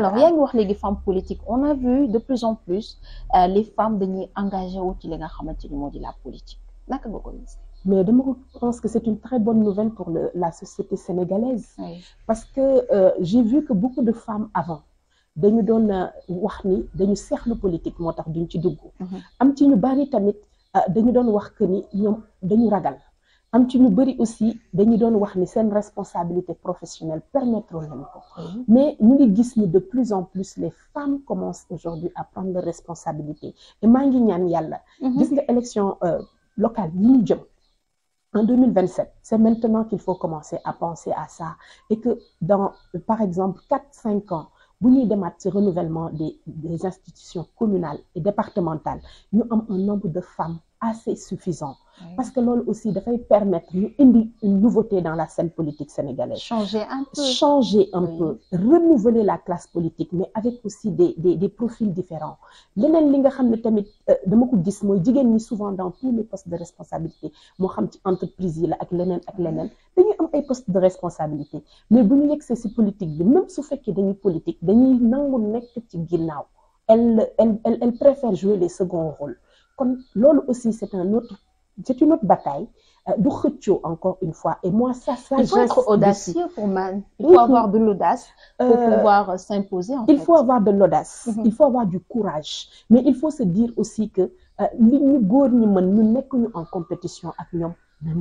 alors yaa ngi wax léegi femme politique on a vu de plus en plus euh, les femmes dañuy engagé wu ci li nga xamante ni moo di la politique naka nga ko gis mais dama ko pense que c'est une très bonne nouvelle pour le, la société sénégalaise parce que euh, j'ai vu que beaucoup de femmes avant dañu doon euh, wax ni dañu seexlu politique moo tax duñ ci dugg mhm. am ci ñu bari tamit euh, dañu doon wax que ni ñoom dañu ragal am ci ñu bëri aussi dañu doon wax ni seen responsabilité professionnelle permettre lañu ko mais ñu ngi gis ni de plus en plus les femmes commencent aujourd'hui à prendre leurs responsabilités et maa ngi ñaan yàlla mhm. gis nga élection euh, locale yi ñu jëm en 2027 c'est maintenant qu'il faut commencer à penser à ça et que dans par exemple quatre cinq ans bu ñuy demaat ci des des institutions communales ñu am un de femmes assez suffisant parce que loolu aussi dafay permettre ñu indi une nouveauté dans la scène politique sénégalaise. changer un peu changer un oui. peu renouveler la classe politique mais avec aussi des des des profils différents leneen li nga xam ne tamit euh, dama ko gis mooy jigéen ñi souvent dans tous les postes de responsabilité moo xam ci entreprise yi la ak leneen ak leneen dañuy am ay postes de responsabilité mais bu ñu yegsee si politique bi même su fekkee dañuy politique dañuy nangu nekk ci ginnaaw elle elle elle préfère jouer les seconds rôles kon loolu un autre c'est une autre bataille du euh, xëccoo encore une fois et moi ça ça il faut être audacieux pour man il faut euh, avoir de l'audace pour mhm. il faut avoir du courage mais il faut se dire aussi que euh, li ñu góor man mën ñu nekk ñu en compétition ak ñoom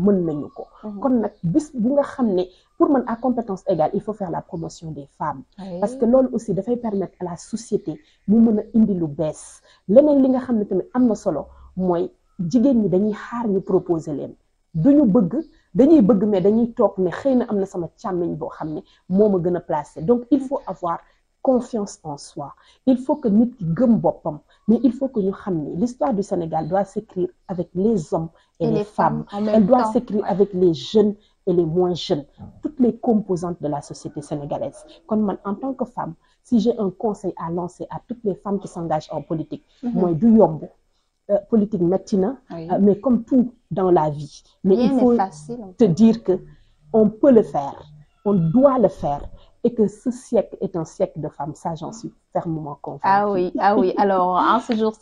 mën nañu ko mhm. kon nag bis bu nga xam ne pour man à compétence égale il faut faire la promotion des femmes parce que loolu aussi dafay permettre à la société mu mën a indi lu bees leneen li nga xam ni tamit am na solo jigéen ñi dañuy xaar ñu proposer leen duñu bëgg dañuy bëgg mais dañuy toog ne xëy na am na sama càmmiñ boo xam ne moo ma gën a placé donc il faut avoir confiance en soi il faut que nit ki gëm boppam mais il faut que ñu xam ni l'histoire du Sénégal doit s'écrire avec les hommes et, et les, les femmes, femmes elle doit s'écrire avec les jeunes et les moins jeunes toutes les composantes de la société sénégalaise kon man en tant que femme si j'ai un conseil à lancer à toutes les femmes qui politique mm-hmm. mooy du yomb Euh, politique métti na euh, mais comme tout dans la vie mais Rien il faut facile, te dire que on peut le faire on doit le faire et que ce siècle est un siècle de femmes ça j'en suis fermement convaincue ah oui ah oui alors en ce jour